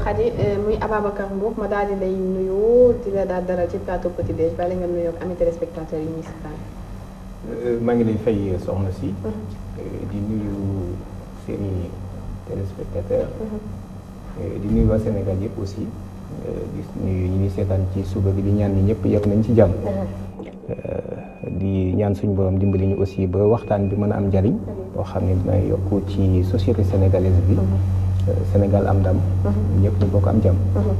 Khady euh, muy Ababacar Mbour ma daal di lay nuyu di la daal dara ci plateau Petit Déj bala nga nuyoo ak ami téléspectateurs yi ñuy seetaan. Euh, maa ngi lay fay euh, soxna si. Mhm. di nuyu seen i téléspectateurs. Mhm. yëpp aussi. di ñi ñuy seetaan ci suba bi di ñaan ñëpp yegg nañ ci jàmm. Mhm. di ñaan suñu borom dimbali ñu aussi ba waxtaan bi mën a am njariñ. boo xam ne dina yokk ci société sénégalaise bi. Sénégal am ndam. Mhm. ñëpp ñu bokk am jàmm. Mhm.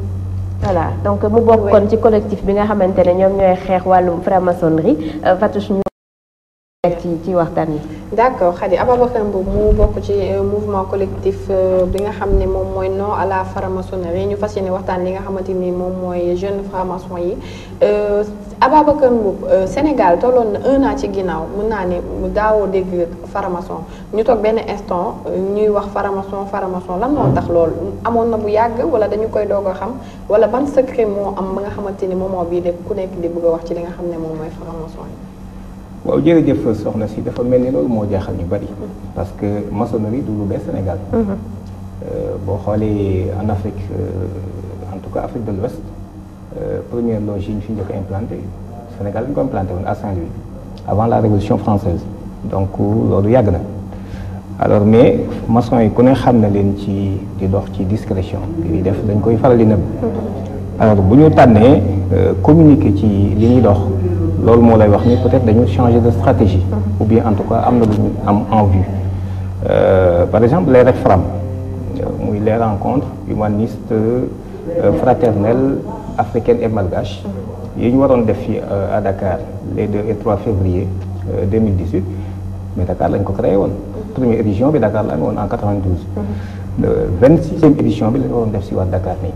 voilà donc mu bokkoon ci collectif bi nga xamante ne ñoom ñooy xeex wàllum franc-maçonnerie euh, Fatou ci ci waxtaan wi. d' accord Khady Ababacar Mbow mu bokk ci euh, mouvement collectif euh, bi nga xam ne moom mooy non à la franc-maçonnerie ñu fas yéene waxtaan li nga xamante ni moom mooy jeune franc-maçon yi euh, Ababacar Mbow Sénégal tolloon na un ci ginnaaw mun naa ne daawoo dégg franc-maçon ñu toog benn instant ñuy wax franc-maçon franc lan moo tax lool amoon na bu yàgg wala dañu koy doog a xam wala ban secret moo am ba nga xamante ni moment bii de ku nekk di bëgg a wax ci li nga xam ne moom mooy franc waaw jërëjëf soxna si dafa mel ni loolu moo jaaxal ñu bari parce que maçonnerie du lu bees Sénégal. Mhm. Euh, boo xoolee en Afrique euh, en tout cas Afrique de l'Ouest euh, première loge yi ñu fi njëkk a implanté Sénégal dañu ko implanté à Saint-Louis avant la Révolution française donc loolu yàgg na alors mais maçon yi ku ne xam na leen ci di dox ci discrétion li def dañ koy faral di nëbb mhm. alors bu ñu tànnee communiquer ci li ñuy dox. loolu moo lay wax ni peut-être dañu changer de stratégie mm-hmm. ou bien en tout cas am na lu ñu am en vue euh, par exemple les REFRAM euh, muy les rencontres humanistes euh, fraternelles africaines et malgaches mm-hmm. yi ñu waroon def fi à Dakar les de et 3 février 2018 mais Dakar lañ ko créé woon première édition bi Dakar la woon en 92 vingt sixième édition bi lañ waroon def si waat Dakar nii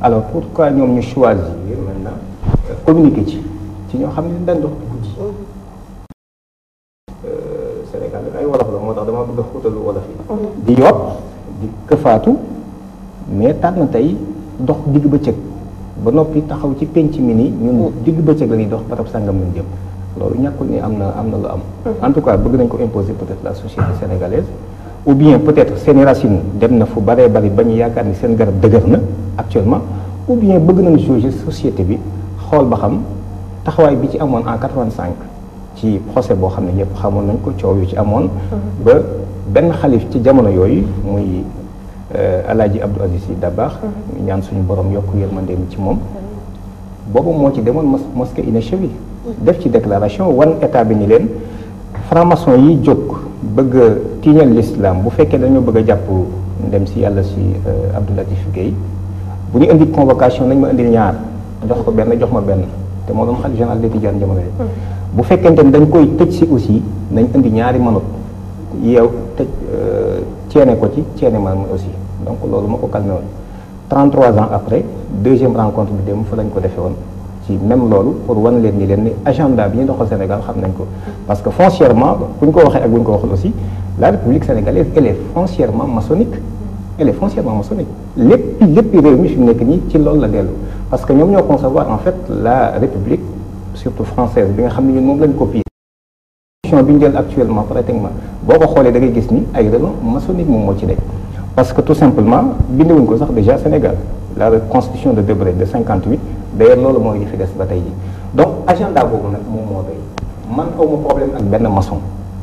alors pourquoi ñoom ñu choisir maintenant communiquer ci ci ñoo xam ne dañ dox guddi Sénégal nag ay wolof la moo tax dama bëgg a wolof yi mhm. di yoot di këfaatu mais tànn tey dox digg bëccëg ba noppi taxaw ci penc mi ni ñu ñun mhm. digg bëccëg la ñuy dox barab sàngam lañ jëm loolu ñàkkul ni am na am na lu am mhm. en tout cas bëgg nañ ko imposer peut-être la société sénégalaise ou bien peut-être seen racine dem na fu baree bari ba ñu yaakaar ni seen garab dëgër na actuellement ou bien bëgg nañu jauger société bi xool ba xam taxawaay bi ci amoon en 85 ci procès boo xam ne ñëpp xamoon nañ ko coow yu ci amoon. Mm-hmm. ba benn xalif ci jamono yooyu muy euh, Alaaji Abdou Aziz Sy Dabakh. Mm-hmm. ñaan suñu borom yokk yërmandeem ci moom. Mm-hmm. boobu moo ci demoon mos mosquée Inecheville def ci déclaration wan état bi ni leen franc-maçon yi jóg bëgg a tiiñal l'islam bu fekkee dañoo bëgg a jàpp ndem si yàlla si euh, Abdou Latif Guèye bu ñu indi convocation nañ ma indil ñaar jox ko benn jox ma benn. te moo doon xalif général des Tidianes jamono yooyu hmm. bu fekkente ni dañ koy tëj si aussi nañ indi ñaari manut yeew tëj euh, ceene ko ci ceene man aussi donc loolu moo ko calmé woon 33 ans après deuxième rencontre bi dem fa lañ ko defee woon ci même loolu pour wan leen ni leen ni agenda bi ñu doxal Sénégal xam nañ ko parce que foncièrement bu ñu ko waxee ak bu ñu ko waxul aussi la République sénégalaise elle est foncièrement maçonnique elle est foncièrement maçonnique lépp lépp réew mi fi nekk nii ci loolu la dellu parce que ñoom ñoo concevoir en fait la république surtout française bi nga xam ne ñun moom lañ copier constitution bi ñu jël actuellement pratiquement boo ko xoolee da ngay gis ni ay relon maçonnique moom moo ci nekk parce que tout simplement bindewuñ ko sax déjà Sénégal la constitution de Debré de 58 d'ailleurs loolu mooy li fi des ba tey ji donc agenda boobu nag moom moo béy man aw ma problème ak benn maçon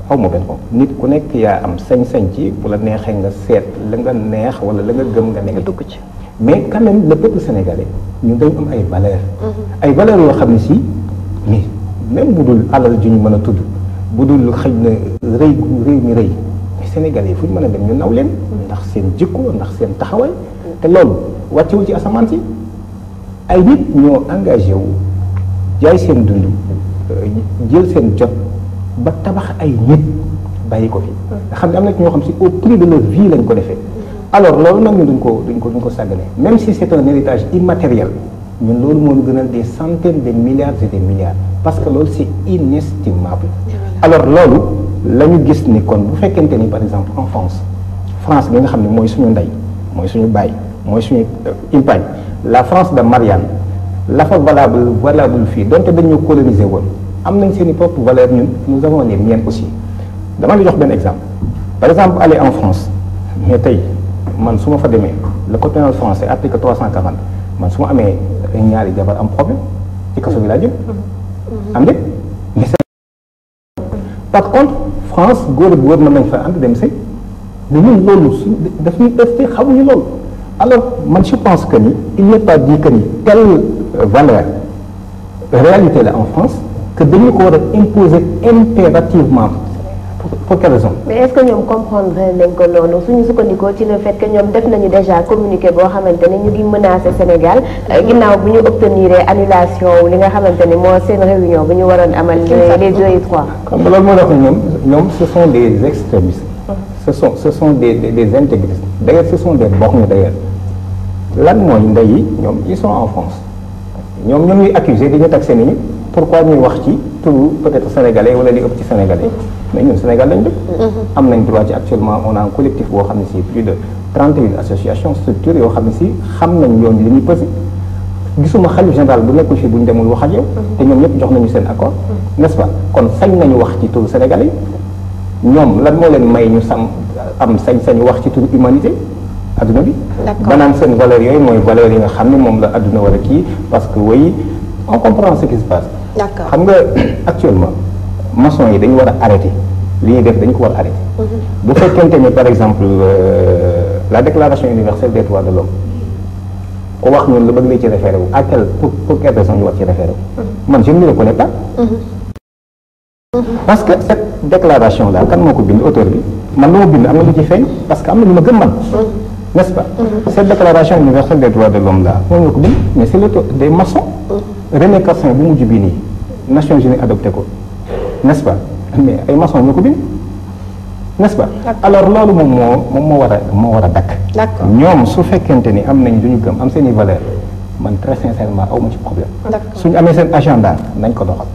xaw ma benn ko nit ku nekk yaa am sañ-sañ ci bu neexee nga seet la nga neex wala la nga gëm nga nekk dugg ci mais quand même le peuple sénégalais ñun dañu am ay valeurs. Mhm. ay valeurs yoo xam ne si nii même bu dul alal ju ñu mën a tudd bu dul xëj na rëy réew mi rëy mais sénégalais yi fu ñu mën a dem ñu naw leen. ndax seen jikko ndax seen taxawaay. te loolu wàccewu ci asamaan si ay nit ñoo engagé wu jaay seen dund euh, jël seen jot ba tabax ay nit bàyyi ko fi. Mhm. nga xam ne am na ci ñoo xam si au prix de leur vie lañ ko defee. alors loolu nag ñu duñ ko duñ ko duñ ko sàggane même si c'est un héritage immatériel ñun loolu moo ñu gënal des centaines de milliards et des milliards parce que loolu c'est inestimable alors loolu la ñu gis ni kon bu fekkente ni par exemple en France France bi nga xam ne mooy suñu ndey mooy suñu baay mooy suñu euh, impagne la France de Marianne la fa valable valable fii donte dañoo coloniser woon am nañ seen i propre valeur ñun nous avons les miennes aussi dama la jox benn exemple par exemple aller en France mais tey man su ma fa demee le code pénal français article 340 man su ma amee ñaari jabar am problème ci kaso bi laa jëm mhm. am par contre France góor ak góor mën nañ fa ànd dem sëy mais ñun loolu su daf ñuy testé xamuñu loolu alors man je pense que ni il n'est pas dit que ni telle valeur réalité la en France que dañu ko war a impérativement pour quelle raison. mais est-ce que ñoom comprendre nañ ko noonu suñu sukkandikoo ci le fait que ñoom def nañu déjà communiqué boo xamante ne ñu ngi menacé Sénégal mm-hmm. ginnaaw bu ñu obtenir annulation li nga xamante ne moo seen réunion bu ñu waroon amal. les deux et trois. xam moo tax ñoom ñoom ce sont des extrémistes. Mm-hmm. ce sont des des, intégristes d'ailleurs ce sont des borgnes d'ailleurs lan mooy ndeyi ñoom ils sont en France ñoom ñoom ñuy accusé di ñu tax seen nit ñi pourquoi ñuy wax ci turu peut-être sénégalais wala li ëpp ci sénégalais. Mm-hmm. mais ñun Sénégal lañ dëkk. Mm-hmm. Mm-hmm. am nañ droit ci actuellement on a un collectif boo xam ne si plus de trente huit associations structures yoo xam ne si xam nañ yoon li ñuy pësi gisuma xalif général bu nekkul fii bu ñu demul wax ak yow. Mm-hmm. te ñoom ñëpp jox nañu seen accord. n'est-ce pas kon sañ nañu wax ci turu Sénégalais yi ñoom lan moo leen may ñu sam am sañ-sañu wax ci turu humanité. adduna bi banaan seen valeur yooyu mooy valeur yi nga xam ne moom la adduna war kii parce que oui on comprend ce qui se passe. xam nga actuellement. maçon yi dañu war a arrété li ñuy def dañu ko war a mhm. bu fekkente ni par exemple euh, la déclaration universelle des droits de l'homme ku wax ñun lu bëgg li ci référé wu à quel pour pour quelle raison ñu war ci référé mhm. man je ne le reconnais pas mhm. parce que cette déclaration la kan moo ko bind auteur bi man lu ma bind am na lu ci feeñ parce que am na lu ma gëm man n'est-ce pas cette déclaration universelle des droits de l'homme là moom la ko bind mais c'est le des maçons René mujj bii nii Nations Unies adopté ko n'est-ce am mais ay maçon ñoo ko bind nest pa pas alors loolu moom moo moom moo war a moo war a dakk ñoom su fekkente ni am nañ lu ñu gëm am seen i valeur man très sincèrement aw ma ci problème suñu amee seen agenda nañ ko doxal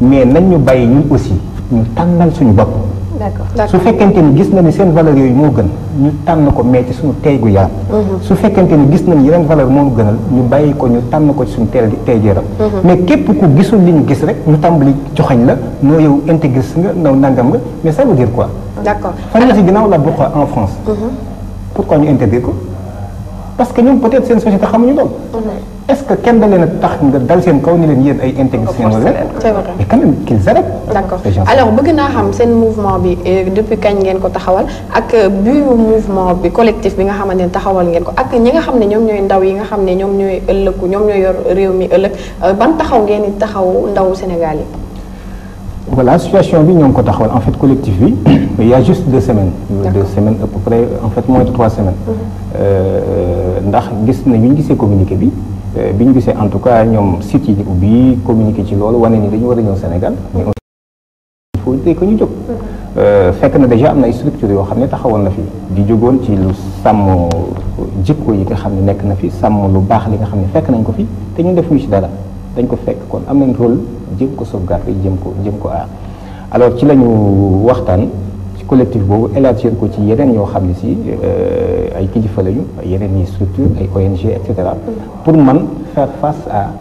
mais nañ ñu bàyyi ñun aussi ñu tànnal suñu bopp d'accord su fekkente ni gis na ni seen valeur yooyu moo gën ñu tànn ko mais ci suñu tey gu yaram mhm. su fekkente ni gis nañ yeneen valeur moom gënal ñu bàyyi ko ñu tànn ko ci suñu teel tey gu yaram mhm. mais képp ku gisul li ñu gis rek ñu tàmbali joxañ la noo yow intégriste nga naw nangam nga mais ça veut dire quoi d'accord fan la si ginnaaw la bokk en France mhm. pourquoi ñu interdire ko parce que ñoom peut-être seen société xamuñu loolu. est-ce que kenn da a tax nga dal seen kaw ni leen ay intégriste euh, ngeen rek. ko taxawal ak euh, bu mouvement bi collectif bi nga xamante ne taxawal ngeen ko ak ñi nga xam ne ñoom ñooy ndaw yi nga xam ne ñoom ñooy ëllëgu ñoom ñooy yor réew mi ëllëg euh, ban taxaw ngeen di taxaw ndaw Sénégal yi. voilà situation bi ñoo ngi ko taxawal en fait collectif bi il y a juste deux semaines. deux semaines à peu en fait moins de trois semaines. Mm-hmm. ndax gis na bi ñu gisee communiqué bi euh, bi ñu gisee en tout cas ñoom site yi ubbi communiqué ci loolu wane ni dañu war a ñëw Sénégal mais il faut tey que ñu jóg euh, fekk na déjà am na ay structure yoo xam ne taxawoon na fi di jógoon ci lu sàmm jikko yi nga xam ne nekk na fi sàmm lu baax li nga xam ne fekk nañ ko fi te ñun defuñu ci dara dañ ko fekk kon am nañ rôle jëm ko sauvegarder jëm ko jëm ko aar alors ci lañu waxtaan collectif boobu élargir ko ci yeneen yoo xam ne si euh, ay kilifa lañu yeneen yi structure ay ONG et cetera pour man faire face à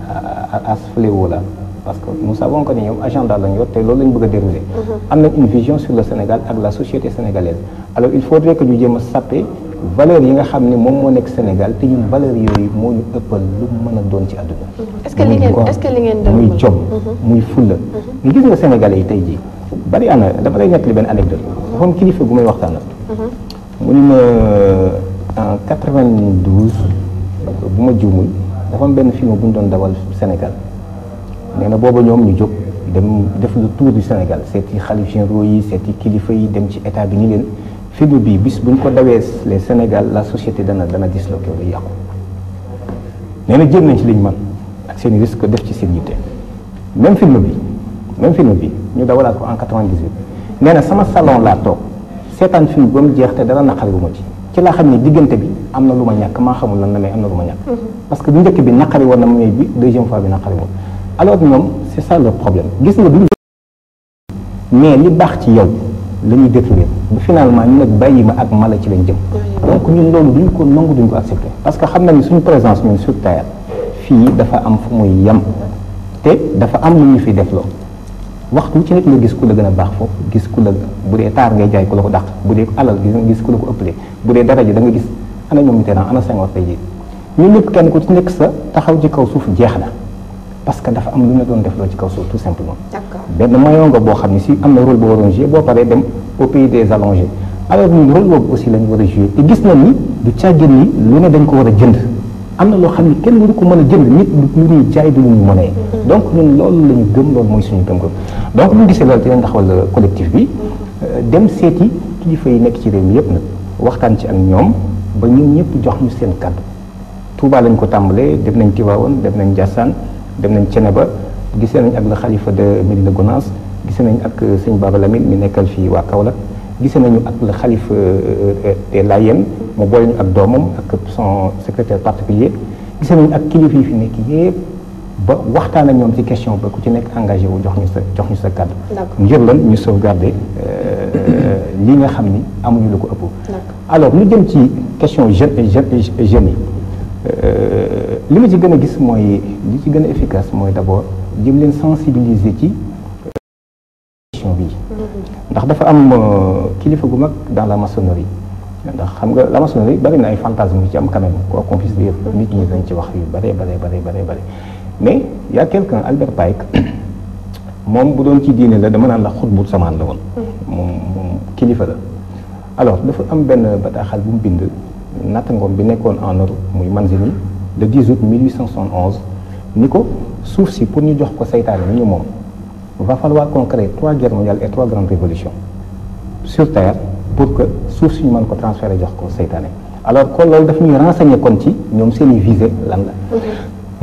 à ce fléau là parce que nous savons que ni ñoom agenda lañ yor te loolu lañ bëgg a dérouler mm-hmm. am nañ une vision sur le Sénégal ak la société sénégalaise alors il faudrait que ñu jéem a sàppe valeur yi nga xam ne moom moo nekk Sénégal te ñun valeur yooyu moo ñu ëppal lu mën a doon ci àdduna que li ngeen est-ce que li ngeen muy jom mm-hmm. muy fulla mm-hmm. nga gis nga Sénégalais yi tey jii bari ana dama lay dafa am kilifa gu may waxtaanal. Mhm. mu ni ma euh, en 92 bu ma juumul dafa am benn film bu ñu doon dawal Sénégal nee na booba ñoom ñu jóg dem def le tour du Sénégal seeti xalif généraux yi seeti kilifa yi dem ci état bi ni leen film bi bis bu ñu ko dawee les Sénégal la société dana dana disloqué wala yàqu. nee na jéem nañ ci liñ man ak seen i def ci seen yitte même film bi même film bi ñu dawalaat ko en 98. nee sama salon laa toog seetaan film ba mu jeex te dara naqari wu ma ci ci laa xam ne diggante bi am na lu ma ñàkk maa xamul lan la mais am na lu ma ñàkk. Mhm. parce que bu njëkk bi naqari woon na may bi deuxième fois bi naqari woon alors ñoom c' est ça le problème gis nga duñ mais li baax ci yow la ñuy détruire ba finalement ñu nag bàyyi ma ak mala ci lañ jëm. donc ñun loolu duñ ko nangu duñ ko accepté parce que xam na ni suñu présence ñun sur terre fii dafa am fu muy yem te dafa am lu ñu fi loo waxtu ci nekk nga gis ku la gën a baax foofu gis ku la bu dee taar ngay jaay ku la ko dàq bu dee alal gis ku la ko ëppalee bu dee daraja da nga gis ana ñoom Mitterrand ana Senghor tey jii ñun ñëpp kenn ku ci nekk sa taxaw ci kaw suuf jeex na parce que dafa am lu ñu doon def loo ci kaw suuf tout simplement. benn maillon nga boo xam ne si am na rôle boo waroon jouer boo paree dem au pays des allongés alors ñun rôle boobu aussi lañu war a jouer te gis na ni du caggin ni lu ne dañ ko war a jënd. am na loo xam ne kenn du ko mën a jënd nit lu ñuy jaay du ñu mënee donc ñun loolu la ñu gëm loolu mooy suñu gëm-gëm donc ñu gisee loolu dinañ taxawal euh, collectif bi euh, dem seeti kilifa yi nekk ci réew mi yëpp nag waxtaan ci ak ñoom ba ñu ñëpp jox ñu seen kàddu Touba lañ ko tàmbalee dem nañ Tivaouane dem nañ Ndiassane dem nañ ba gisee nañ ak le xalifa de Médina Gounass gisee nañ ak euh, sëñ Baba Lamine mi nekkal fii waa Kaolack gise nañu ak le xalif euh, euh, euh, des Layènes mu boole ak doomam ak son secrétaire particulier gise nañu ak kilifa yi fi nekk yépp ba waxtaan ak ñoom ci question ba ku ci nekk engagé wu jox ñu sa jox ñu sa kàddu ngir lan ñu sauvegarder li nga xam ni amuñu lu ko ëpp alors lu jëm ci question jeune jeunes yi li ma ci gën a gis mooy li ci gën a efficace mooy d'abord jëm leen sensibiliser ci question bii ndax dafa am euh, kilifa gu mag dans la maçonnerie ndax xam nga la maçonnerie bari na ay fantasme yu ci am quand même quoi qu'on nit ñi dañ ci wax yu bare bare bare bare bare mais y a quelqu'un Albert Pike moom bu doon ci diine la dama naan la xut bu samaan la woon moom moom kilifa la alors dafa am benn bataaxal bu mu bind nattangoom bi nekkoon en Europe muy Manzini le 10 août 1871 ni ko suuf si pour ñu jox ko saytaane ni ñu moom va falloir qu'on crée trois guerres mondiales et trois grandes révolutions sur terre pour que suuf suñu man ko transférer jox ko seytaane alors que loolu daf ñuy renseigner kon ci ñoom seeni visée lan la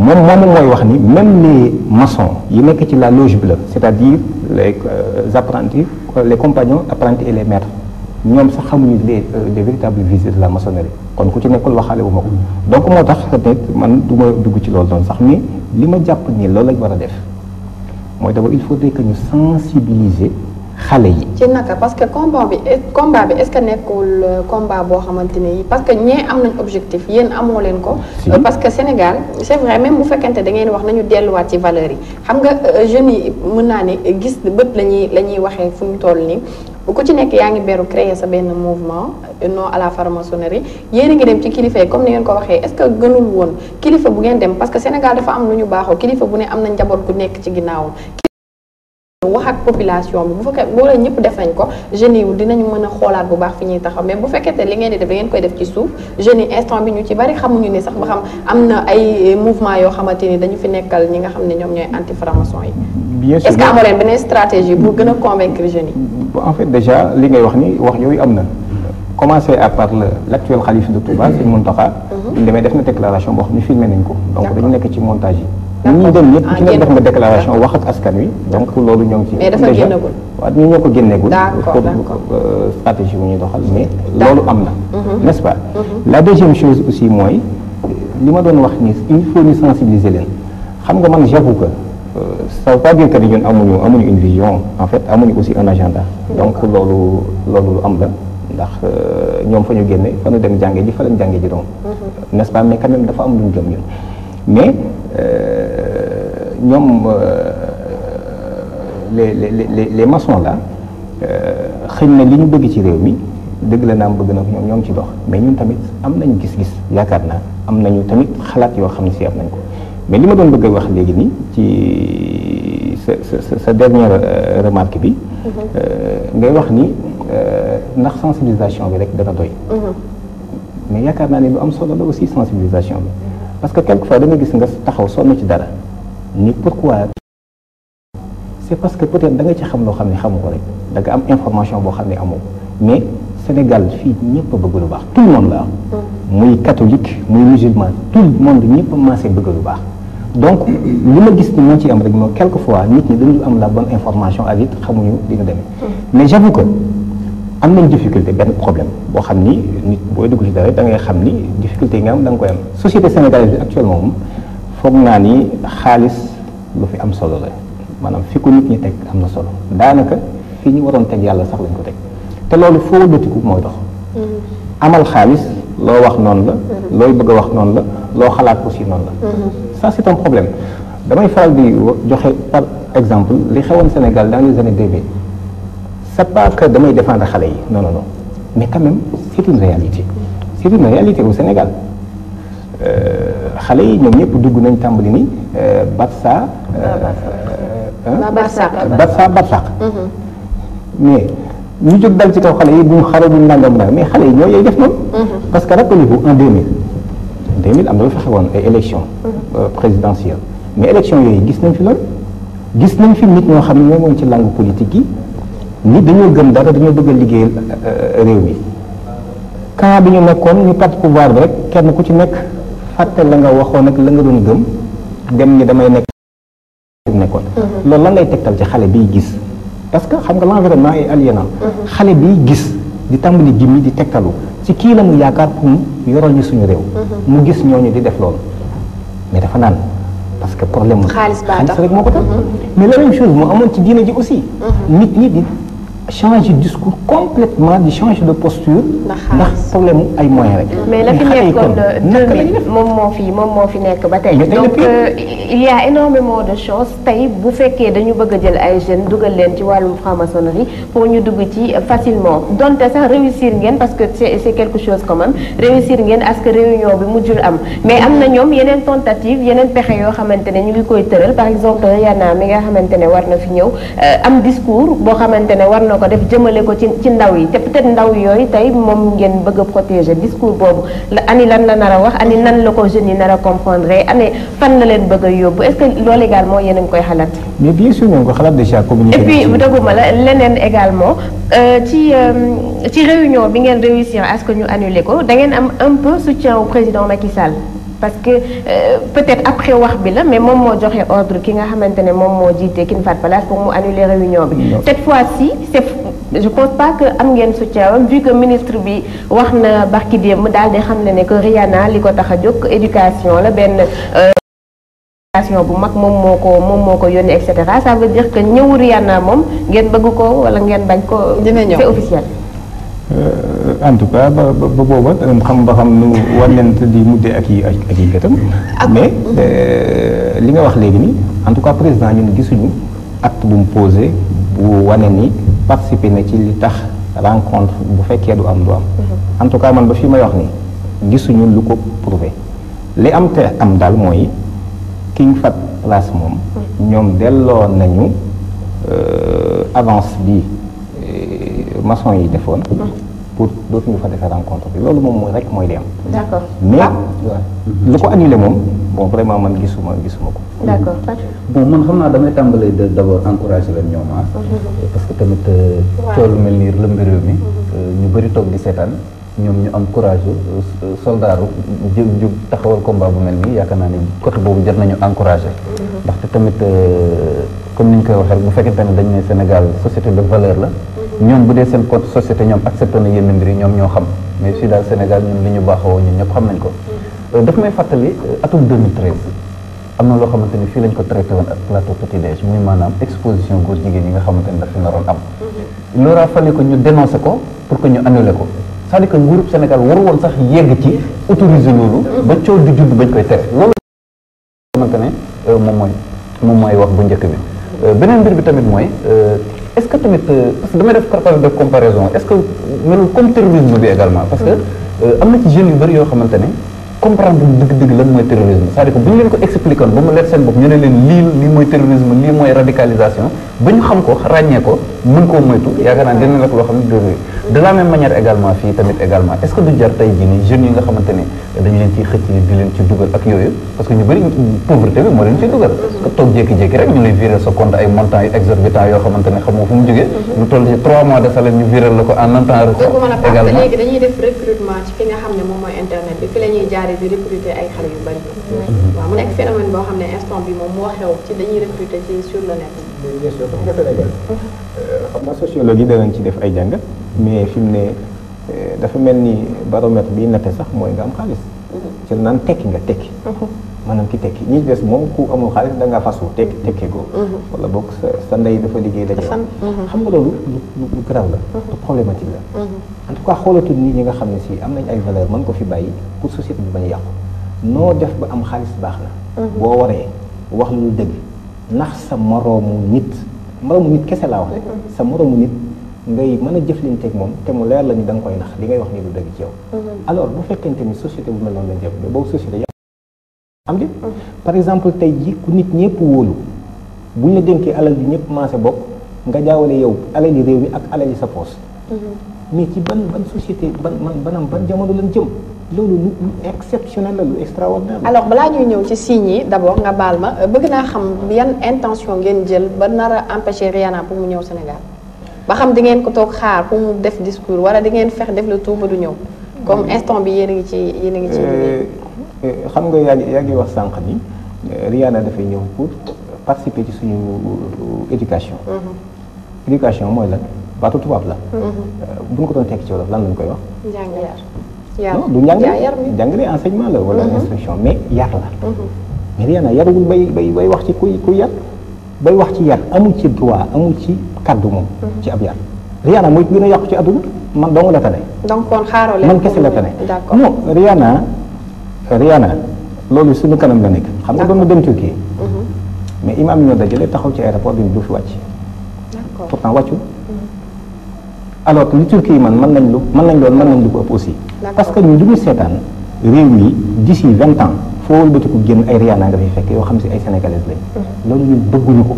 moom moomu mooy wax ni même les maçons yi nekk ci la loge bleue c'est-à-dire les euh, apprentis les compagnons apprentis et les maîtres ñoom sax xamuñu les euh, les véritables visées de la maçonnerie kon ku ci nekkul waxaale wu ma ko donc moo tax nit man du ma dugg ci loolu doon sax mais li ma jàpp ni loolu lañ war a def mooy d'abord il faudrait que ñu sensibiliser xale yi. ci naka parce que combat bi combat bi est-ce que nekkul euh, combat boo xamante ne parce que ñee am nañ objectif yéen amoo leen ko. Euh, parce que Sénégal c'est vrai bu fekkente da ngeen wax nañu delluwaat ci valeurs yi xam nga euh, jeunes yi mën naa ne gis bët la ñuy la ñuy waxee fu ñu toll nii. ko ci nekk yaa ngi beru créer sa benn mouvement non à la franc-maçonnerie yéen a ngi dem ci kilifa yi comme ni ngeen ko waxee est-ce que gënul woon kilifa bu ngeen dem parce que Sénégal dafa am lu ñu baaxoo kilifa bu ne am na njaboot gu nekk ci ginnaawam wax ak population bi bu fekkee boole ñëpp def nañ ko jeunes yi dinañu mën a xoolaat bu baax fi ñuy taxaw mais bu fekkente li ngeen di def da ko koy def ci suuf jeunes yi instant bi ñu ci bari xamuñu sax ba xam am na ay mouvement yoo xamante ni dañu fi nekkal ñi nga xam ne ñoom ñooy anti franc-maçon yi. bien beneen stratégie pour gën a convaincre jeunes yi. en fait déjà li ngay wax ni wax yooyu am na. commencé à par le l'actuel khalife de Touba Serigne Mountakha. li mhm. demee def na déclaration boo xam ne filmé nañ ko. donc dañu nekk ci montage yi. ñu dem ñëpp ah, ci nekk def nga déclaration wax ak askan wi donc loolu ñoo ngi ci. mais dafa génneegul waaw ñu ñoo ko génneegul. d'accord d'accord euh, stratégie bu ñu doxal mais loolu am na. Mhm. n'est-ce pas. Mhm. la deuxième chose aussi mooy li ma doon wax ni il faut ñu sensibiliser leen xam nga man j'avoue ko soo euh, veut pas dire que ni ñun amuñu amuñu une vision en fait amuñu aussi un agenda. donc loolu loolu lu am la. ndax euh, ñoom fa ñu génne fa ñu dem jànge ji fa lañ jànge ji doon. Mhm. n'est-ce pas mais quand même dafa am lu ñu mais euh, ñoom euh, les les les les maçons là euh, xëy na li ñu bëgg ci réew mi dëgg la naam bëgg na ñoom ñoo ngi ci dox mais ñun tamit am nañu gis-gis yaakaar naa am nañu tamit xalaat yoo xam ne si am nañ ko mais li ma doon bëgg a wax léegi nii ci sa sa sa dernière remarque bi. Mhm. ngay wax ni ndax sensibilisation bi rek dana doy. Mhm. mais yaakaar naa ne lu am solo la aussi sensibilisation bi. parce que quelquefois da nga gis nga taxaw sonn ci dara ni pourquoi c'est parce que peut-être da nga ci xam loo xam ni xamu ko rek da nga am information boo xam ne amoo mais Sénégal fii ñëpp a bëgg lu baax tout le monde la mm. muy catholique muy musulman tout le monde ñëpp a maase bëgg lu baax donc li ma gis ni moo ci am rek moo quelquefois nit ñi dañu am la bonne information a it xamuñu dina demee mm. mais j'avoue que am nañ difficulté benn problème boo xam ni nit booy dugg ci dara da ngay xam ni difficulté yi nga am da nga koy am société sénégalaise bi actuellement moom foog naa ni xaalis lu fi am solo la maanaam fi ko nit ñi teg am na solo daanaka fi ñu waroon teg yàlla sax lañ ko teg te loolu foo dëtiku mooy dox mm-hmm. amal xaalis loo wax noonu la mm-hmm. looy bëgg a wax noonu la loo xalaat aussi noonu la mm-hmm. ça c'est un problème damay faral di joxe par exemple li xewoon Sénégal dans les années 2000 c'est pas que damay défendre xale yi non non non mais quand même c'est une réalité c'est une réalité au Sénégal euh, xale yi ñoom ñëpp dugg nañ tàmbali ni euh, euh, Barça. Barça Barça Barça mhm. mais ñu jóg dal ci kaw xale yi bu ñu xare bu ñu nangam nag mais xale yi ñoo yooyu def noonu. Mhm. parce que rappelez-vous en 2000. 2000 am na lu fexe woon ay élections. Mhm. présidentielles mais élections yooyu gis nañ fi loolu gis nañ fi nit ñoo xam ne ñoo ngi ci langue politique yi. nit dañoo gëm dara dañoo bëgg a liggéeyal euh, euh, réew mi cas bi ñu nekkoon ñu perte pouvoir bi rek kenn ku ci nekk fàtte la nga waxoon ak la nga doon gëm dem ni damay nekk nekkoon mhm. loolu lan lay tegtal ci xale biy gis parce que xam nga l'environnement est aliénant mhm. xale biy gis di tàmbali gimmi di tegtalu ci kii la yaakaar pour mu yoral ñu suñu réew mhm. mu gis ñooñu di def loolu mais dafa naan parce que problème xaalis rek moo ko tax mais la même mu amoon ci diine ji aussi nit ñi changer discours complètement di changer de posture. ndax problème ay moyens rek. mais la fi nekkoon de moom moo fi moom moo fi nekk ba tey. donc euh, il y a énormément de choses tey bu fekkee dañu bëgg jël ay jeunes dugal leen ci wàllum franc-maçonnerie pour ñu dugg ci facilement donte sax réussir ngeen parce que c'est quelque chose quand réussir ngeen à ce que réunion bi mujjul am mais am na ñoom yeneen tentative yeneen pexe yoo xamante ne ñu ngi koy tëral par exemple Rihanna mi ko def jëmale ko ci ci ndaw yi te peut-être ndaw yooyu tey moom ngeen bëgg a protéger discours boobu la lan la nar a wax ani nan la ko jeunes yi nar a comprendre ani fan la leen bëgg a yóbbu est-ce que loolu également yéen a koy xalaat. mais bien sûr ñoo ngi ko xalaat déjà communiquer. et puis dëgguma la leneen également euh, ci euh, ci réunion bi ngeen réussir à ce que ñu annuler ko dangeen am un peu soutien au président Macky Sall. parce que euh, peut-être après wax bi la mais moom moo joxe ordre ki nga xamante ne moom moo jiite King Fahd Palace pour mu annuler réunion bi. cette fois-ci c'est je pense pas que am ngeen soutien vu que ministre bi wax na barki démb daal di xam ne ne que Rihanna li ko tax a jóg éducation la benn. Euh, éducation bu mag moom moo ko moom moo ko yónnee et cetera ça veut dire que ñëw Rihanna moom ngeen bëgg ko wala ngeen bañ ko. dina ñëw en tout cas ba ba booba danañ xam ba xam nu war leen di mujjee ak yi ak yi gëtam mais euh, li nga wax léegi nii en tout cas président ñun gisuñu at bu mu posé bu wane ni participer na ci li tax rencontre bu fekkee du am du am. Mhm. en tout cas man ba fii may wax ni gisuñu lu ko prouvé li am te am daal mooy kiñ fat place moom. Mhm. ñoom delloo nañu euh, avance bi euh, mason yi defoon. Mhm. pour dootuñu fa defee rencontre bi loolu moom mooy rek mooy li am. d'accord ah. lu ko annulé moom bon vraiment man gisuma gisuma ko. d'accord bon man xam naa damay tàmbalee de d'abord encouragé leen ñoom ah. Mm-hmm. parce que tamit euh, coow lu mel nii lëmb réew mi mm-hmm. euh, ñu bëri toog di seetaan ñoom ñu am courage euh, soldaaru jë jub taxawal combat bu mel nii yaakaar naa ne côté boobu jot nañu encouragé. Mm-hmm. ndaxte tamit comme ni ñu koy waxee bu fekkente ne dañ ne Sénégal société de valeur la. ñoom bu dee seen code société ñoom accepté na yenn mbir yi ñoom ñoo xam mais fii daal Sénégal ñun li ñu baaxoo ñun ñëpp xam nañ ko. Euh, daf may fàttali euh, atum 2013 am na loo xamante ni fii lañ ko traité woon ak plateau Petit Déj muy maanaam exposition góor jigéen yi nga xamante ni dafa naroon am. Mm-hmm. loolu fale ko ñu dénoncé ko pour que ñu annulé ko c'est-à-dire que nguurub Sénégal waru woon sax yegg ci autorisé loolu. ba coow di judd bañ koy tere loolu. xamante ne euh, moom mooy moom wax bu njëkk bi beneen mbir bi tamit mooy. est-ce que tamit euh, parce que damay def comparaison est-ce que melul comme terrorisme bi également parce que euh, am na ci jeunes yu bëri yoo xamante ne comprendre dëgg-dëgg lan mooy terrorisme c'est-à-dire bu ñu leen ko expliqué ba mu leer seen bopp ñu ne leen lii lii mooy terrorisme lii mooy radicalisation ba ñu xam ko ràññee ko mën koo moytu yaakaar naa dina nekk loo xam ne de de la même fii tamit également est-ce que du jar tey jii nii jeunes yi nga xamante ne dañu leen ciy xëcc di leen ci ne xamoo fu mu jógee lu toll ci 3 mois de salaire ñu xam ne moom mooy internet bi fi la ñuy jaaree di recruter ay xale yu bari mhm. mu nekk phénomène boo xam ne instant bi moom moo xew ci dañuy recruter ci sur le net. bien sûr mm-hmm. euh, xam nga Sénégal. xam def ay jàngat mais fi mu ne euh, dafa mel ni baromètre bi natte sax mooy nga am xaalis. Mm-hmm. ci naan tekki nga tekki. Mm-hmm. maanaam ki tekki ñi des moom ku amul xaalis da ngaa fasu tekki tekkee ko. wala bokk sa sa ndey dafa liggéey daje. xam nga loolu lu lu grave la. lu la. en tout cas nit ñi nga xam ne si am nañ ay valeur mën ko fi bàyyi pour société bi bañ yàqu. noo def ba am xaalis baax na. Mhm. boo waree wax lu dëgg ndax sa moroomu nit moroomu nit kese laa wax mhm. sa moroomu nit ngay mën a jëf jëflanteeg moom te mu leer la ni da koy nax li ngay wax ni lu dëgg ci yow. Mhm. alors bu fekkente ni société bu mel noonu lañ jëf boobu société am di par exemple tey jii ku nit ñëpp wóolu bu ñu la dénkee alal bi ñëpp maase bokk nga jaawale yow alal yi réew mi ak alal yi sa poos mais ci ban ban société ban banam ban jamono lañ jëm loolu lu lu exceptionnel la lu extraordinaire alors balaa ñuy ñëw ci signes yi d' abord nga baal ma euh, bëgg naa xam yan intention ngeen jël ba nar a empêcher Rihanna pour mu ñëw Sénégal ba xam di ngeen ko toog xaar pour mu def wala di ngeen fex def le tout ba du ñëw comme mm. instant bi yéen a ngi ci yéen a ngi ci. Euh, euh, xam nga yaa ngi yaa ngi wax sànq ni Rihanna dafay ñëw pour participer ci suñu éducation. Mm-hmm. éducation mooy lan baatu tubaab la. Mm-hmm. bu ñu ko doon tekki ci wolof lan lañ koy wax. du njàngale njàngale enseignement la wala instruction mais yar la mais rien na yarul bay bay bay wax ci kuy kuy yar bay wax ci yar amul ci droit amul ci kaddu moom ci ab yar Rihanna mooy gën a yàqu ci àdduna man dong la tane donc kon xaaroo leen man kese la tane non Rihanna Rihanna loolu suñu kanam la nekk xam nga doon na dem Turquie mais imaam yi ñoo dajale taxaw ci aéroport bi du fi wàcc pourtant wàccu alors que li Turquie man man nañ lu mën nañ loolu mën nañ lu ko ëpp aussi parce que ñun du ñu seetaan réew mi d'ici vingt ans foo wëlbatiku génn ay Rihanna nga fekk yoo xam si ay sénégalaises lañ mhm. loolu ñun bëgguñu ko.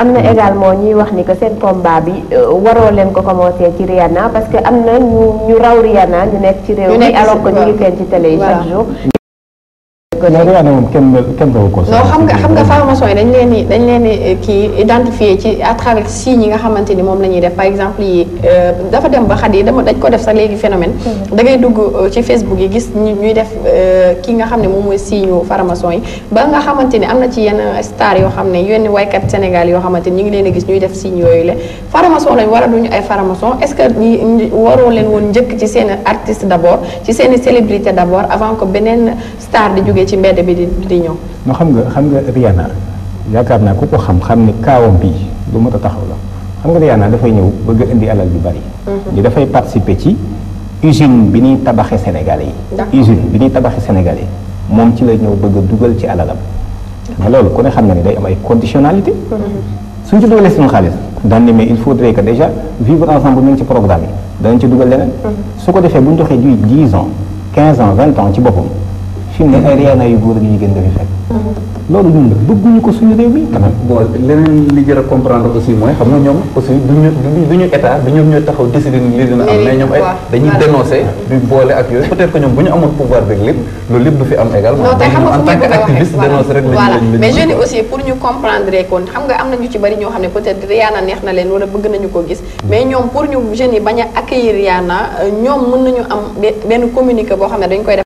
am na également ñuy wax ni que seen combat bi euh, waroo leen ko commencé ci Rihanna parce que am na ñu ñu raw Rihanna ñu nekk ci réew mi alors que ñu ngi feeñ ci télé yi chaque jour. xam nga xam nga franc-maçon yi dañ leen di dañ leen di eh, kii identifié ci à travers signes yi nga xamante ni moom la ñuy def par exemple yi euh, dafa dem ba xat yi dama dañ ko def sa léegi phénomène mm-hmm. da ngay dugg euh, ci Facebook yi gis ñuy def euh, kii nga xam ne moom mooy signe franc-maçon yi ba nga xamante ni am na ci yenn star yoo xam ne yenn waykat Sénégal yoo xamante ni ñu ngi leen a gis ñuy def signes yooyu la franc-maçon lañ war a duñu ay franc-maçon est-ce que waroo leen woon njëkk ci seen artiste d'abord ci seen célébrité d'abord avant que beneen ci mbedd bi di di ñëw. non xam nga xam nga Rihanna yaakaar naa ku ko xam xam ni kaawam bii lu mot a taxaw la xam nga Rihanna dafay ñëw bëgg indi alal yu bari. ñu mhm. dafay participer ci usine bi ñuy tabaxee Sénégalais yi. usine bi ñuy tabaxee Sénégalais yi moom ci la ñëw bëgg dugal ci alalam. mais loolu ku ne xam na ni day am ay conditionnalité. Mhm. suñ ci dugalee suñu xaalis daan ni mais il faudrait que déjà vivre ensemble ñu ngi ci programme yi danañ ci dugal leneen. Mhm. su ko defee bu ñu doxee du 10 ans 15 ans 20 ans ci boppam. fi mu ne ay riyaana yu góor lañuy gën di fekk. Mm-hmm. loolu ñun nag bëgguñu ko suñu réew mi quand même. am benn communiqué boo xam ne dañ koy def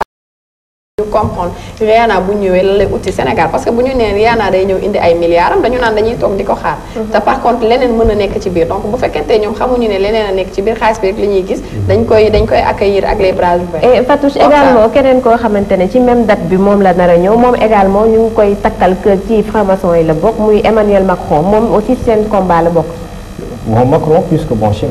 comprendre Rihanna bu ñëwee lan lay uti Sénégal parce que bu ñu nee Rihanna day ñëw indi ay milliards am dañu naan dañuy toog di ko xaar mhm. te par contre leneen mën a nekk ci biir donc bu fekkentee ñoom xamuñu ne leneen a nekk ci biir xaalis bi mhm. koy dañ koy accueillir ak les bras ouverts et Fatouche également keneen koo xamante ne ci même date bi moom la nar a ñëw moom également ñu koy takkal kër ci franc yi la bokk muy Emmanuel Macron moom aussi seen combat la bokk moom Macron puisque bon chef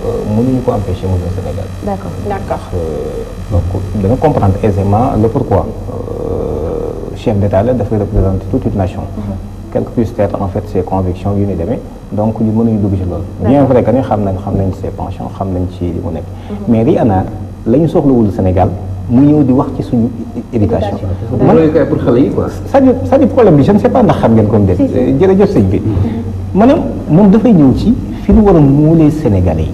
Euh, mënuñu ko empêcher mu ñëw Sénégal. d' accord d' accord euh, donc da nga comprendre aisément le pourquoi euh, chef d' état la dafay représenter toute une nation. Mm-hmm. quelles que puissent être en fait ses convictions yu ni demee donc ñu mënuñu dugg ci loolu. bien vrai que ni xam nañ xam nañ ses penchants xam nañ ci li mu nekk. Mm-hmm. mais Rihanna la ñu soxlawul Sénégal. mu ñëw di wax ci suñu éducation. man loolu kay pour xale yi quoi. c'est-à-dire c'est-à-dire problème bi je ne sais pas ndax xam ngeen comme de. jërëjëf sëñ bi. Mm-hmm. maanaam moom dafay ñëw ci fi mu war a muulee Sénégalais yi.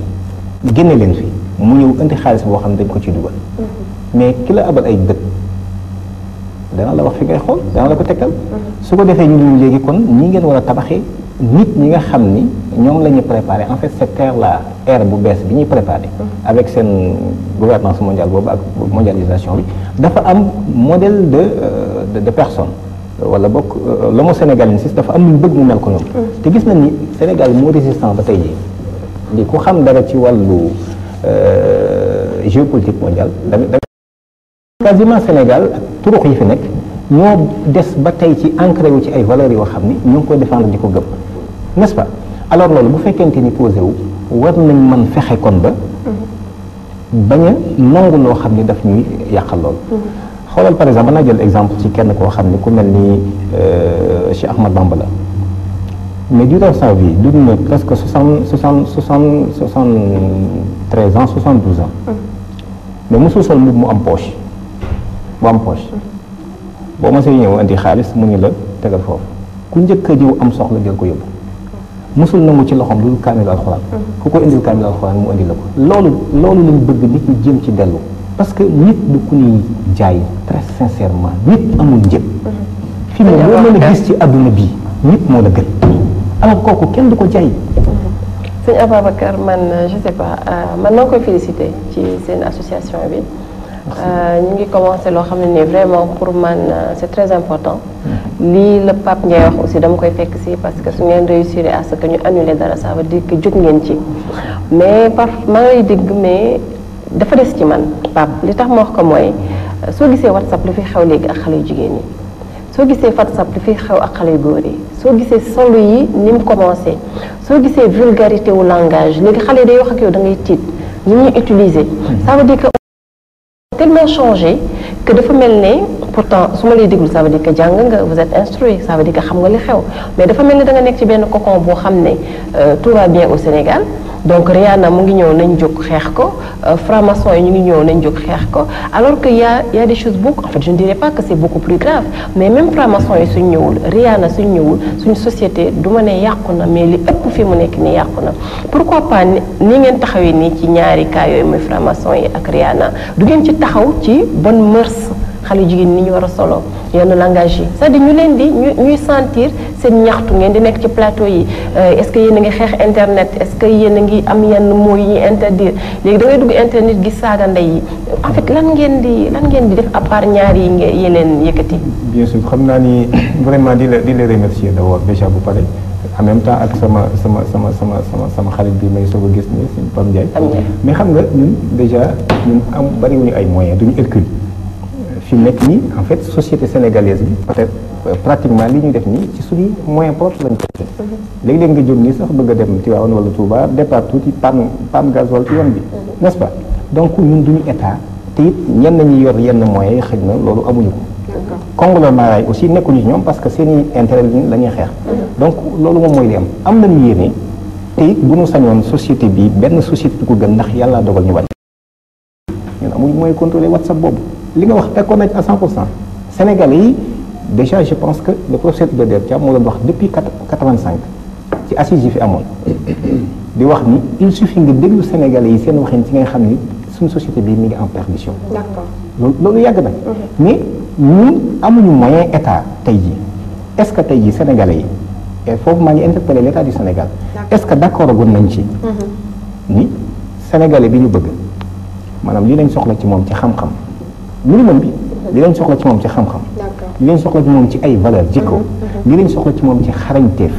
génne leen fii mu ñëw indi xaalis boo xam ne dañ ko ci dugal mm-hmm. mais ki la abal ay bët dana la wax fi ngay xool dana la ko tegtal mm-hmm. su ko defee ñu ñu léegi kon ñi ngeen war a tabaxee nit ñi nga xam ni ñoom la ñu préparé en fait cette la là bu bees bi ñuy préparé mm-hmm. avec seen gouvernance mondiale boobu ak mondialisation bi dafa am modèle de euh, de personne wala bokk euh, l'homo sénégalensis dafa am lu bëgg mu mel ko ñoom te gis nañ ni Sénégal moo résistant ba tey di ku xam dara ci wàllu euh, géopolitique mondiale da da quasiment Sénégal ak turux yi fi nekk ñoo des ba tey ci ancré wu ci ay valeurs yoo xam ni ñoo ngi koy défendre di ko gëm n'est-ce alors loolu bu fekkente ni posé wu war nañ man fexe kon ba bañ a nangu loo xam ni daf ñuy yàqal loolu xoolal par exemple naa jël exemple ci kenn koo xam ni ku mel ni euh, Cheikh Ahmad Bamba la mais durant sa vie dund na presque soixante soixante soixante soixante treize ans soixante douze ans. Mm. mais mosul sol mu am poche bu am poche mm. boo mosee ñëw indi xaalis mu ngi la tegal foofu ku njëkk a jiw am soxla jël ko yóbbu. musul nangu ci loxoom lu kaamil alxuraan mm. ku ko indil kaamil alxuraan mu indi la ko loolu loolu bëgg nit ñi jéem ci dellu parce que nit du ku ñuy jaay très sincèrement nit amul njëg fi mu boo mën gis ci àdduna bi nit moo la gën alors kooku kenn du ko jaay. sëñ Ababacar man euh, je sais pas euh, man maa ngi koy félicité ci seen association bi. Euh, ñu ngi commencé loo xam ne nii vraiment pour man c'est très important mm. lii la Pape Ndiaye wax aussi dama koy fekk si parce que su ngeen réussir à ce que ñu annuler dara ça veut dire que jóg ngeen ci mais par maa ngi lay dégg mais dafa des ci man Pape li tax ma wax ko mooy soo gisee WhatsApp lu fi xew léegi ak xale yu jigéen ñi. soo gisee Fatsap dafay xew ak xale yu góor yi soo gisee solo yi nim mu commencé soo gisee vulgarité wu langage léegi xale day wax ak yow da ngay tiit ñu ñu utiliser ça veut dire que tellement changé que dafa mel ne pourtant su ma lay déglu ça veut dire que jàng nga vous êtes instruit ça veut dire que xam nga li xew mais dafa mel ni da nekk ci benn cocon boo xam ne euh, tout bien au Sénégal donc Rihanna mu ngi ñëw nañ jóg xeex ko euh, franc-maçon yi ñu ngi ñëw nañ jóg xeex ko alors que ya a y a des choses beaucoup en fait je ne dirais pas que c'est beaucoup plus grave mais même franc yi suñ ñëwul Rihanna suñ ñëwul suñ société du ma ne yàqu na mais li ëpp fi mu nekk nii yàqu na pourquoi pas ni ngeen taxawee nii ci ñaari cas yooyu muy franc-maçon yi ak Rihanna du ngeen ci taxaw ci bonne mœurs xale jigéen ni ñu war a solo yenn langage yi cest ñu leen di ñu sentir seen ñaxtu ngeen di nekk ci plateau yi euh, est-ce que yéen a ngi xeex internet est-ce que yéen ngi am yenn mots yi ñuy interdire dugg internet gi saaga ndey yi lan ngeen di lan ngeen def à ñaar yi ngeen yi leen yëkkati. xam naa ni vraiment di la di la remercier d'abord déjà bu pare. en même temps ak sama sama sama sama sama sama xarit bi may soog a gis ni si Pam Ndiaye mais xam nga ñun déjà ñun am bariwuñu ay moyens duñu Hercule fi mu nekk nii en fait société sénégalaise bi peut-être euh, pratiquement li ñu def nii ci suñuy moyen propre lañ ko def mhm. léegi-léegi nga jóg nii sax bëgg a dem Tivaouane wala Touba départ tuuti panne panne gasoil ci yoon bi mhm. n'est-ce pas donc ñun ñu état te it ñenn ñi yor yenn moyens yi xëy na loolu amuñu ko conglomérat aussi nekkuñu ci ñoom parce que seen i intérêt la xeex mhm. donc loolu moom mooy li am am nañu yéene te it bu ñu sañoon société bi benn société bi ko gën ndax yàlla dogal ñu bañ ñun amuñu mooy contrôler WhatsApp boobu li nga wax d'accord nañ à 100 pour cent Sénégalais yi déjà je pense que le professeur Iba Der Thiam moo doon wax depuis 85 ci assises yi fi amoon di wax ni il suffit nga déglu Sénégalais yi seen waxin ci ngay xam ni suñu société bi mi ngi en perdition. d'accord loolu yàgg na. Mhm. mais ñun amuñu moyen état tey jii est-ce que tey jii Sénégalais yi et foofu maa ngi interpellé l'état du Sénégal. est-ce que d'accord gun nañ ci. Mhm. ni Sénégalais bi ñu bëgg maanaam li lañ soxla ci moom ci xam minimum bi li leen soxla ci moom ci xam-xam li leen soxla ci moom ci ay valeur jikko mhm. Mhm. li leen soxla ci moom ci xarañteef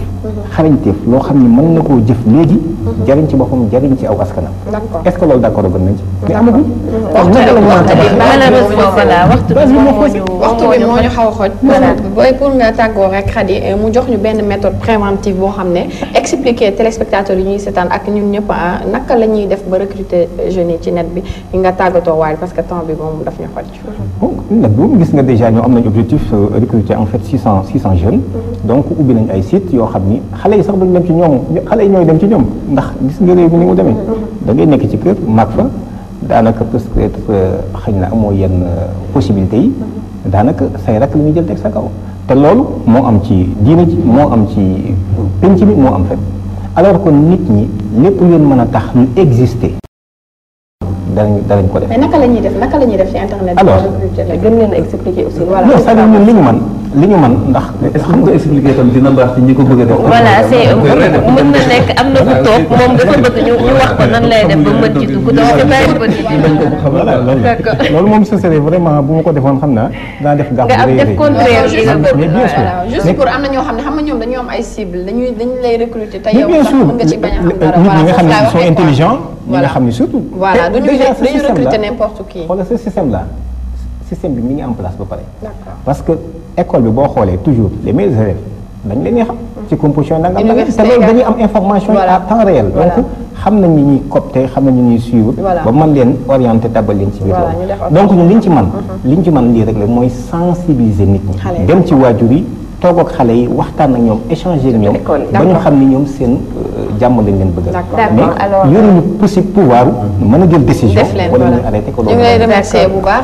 xarañteef loo xam ne mën na koo jëf léegi mhm. jariñ ci boppam jariñ ci aw askanam est ce que loolu d' accord gën nañ ci mais amaguñ mhm. waxtu bi moo ñu xaw a xooj booy pour nga tàggoo rek euh, mu jox ñu benn méthode préventive boo xam ne expliquer téléspectateurs yi ñuy seetaan ak ñun ñëpp ah, naka la ñuy def ba recruter ci net bi nga tàggatoo waay parce que temps bi moom nga déjà ñoo am nañ objectif euh, recruter en fait six cent six cent mhm. donc ubbi nañ ay sites yoo xam ni xale yi sax duñ dem ci ñoom xale yi ñooy dem ci ñoom ndax gis nga réew mi ni mu demee mm-hmm. da ngay nekk ci kër mag fa daanaka peut-être euh, xëy na amoo yenn euh, possibilités yi mm-hmm. daanaka say rakk li ñuy jël teg sa kaw te loolu moo am ci diina ji moo am ci ci bi moo am fépp alors que nit ñi lépp leen mën a tax ñu exister danañ danañ ko def. mais alors gën leen a expliquer li ñu man li ñu mën ndax xam nga expliqué tam dina baax ci ñi ko bëgg a def. voilà c'est mën na nekk am na ku toog moom dafa bëgg ñu wax ko nan lay def ba mën ci dugg donc bàyyi bët yi. loolu moom ce serait vraiment bu ma ko defoon xam naa daa def gàpp. nga am def contraire bi nga bëgg juste pour am na ñoo xam ne xam nga ñoom dañoo am ay cible dañuy dañ lay recruter te yow sax mën nga ci bañ a xam dara voilà nit ñi nga xam ne sont intelligents ñi nga xam ne surtout. voilà duñu recruter n'importe qui. xoolal ce système là système bi mi ngi am place ba pare. parce que école bi boo xoolee toujours les meilleurs élèves dañ leen xam. ci composition nangam nangam te loolu xam nañ ni ñuy copte xam nañ ni ñuy suivre. ba mën leen orienter tabal leen ci biir donc ñun liñ ci man mhm. liñ ci man lii rek la mooy sensibiliser nit ñi. dem ci waajur yi. toog xale yi waxtaan ak ñoom échanger ak ñoom ba ñu xam ni ñoom seen euh, jàmm lañ leen bëggal mais euh, yoruñu possible pouvoir mën a jël décision wala ñu arrêté ko loolu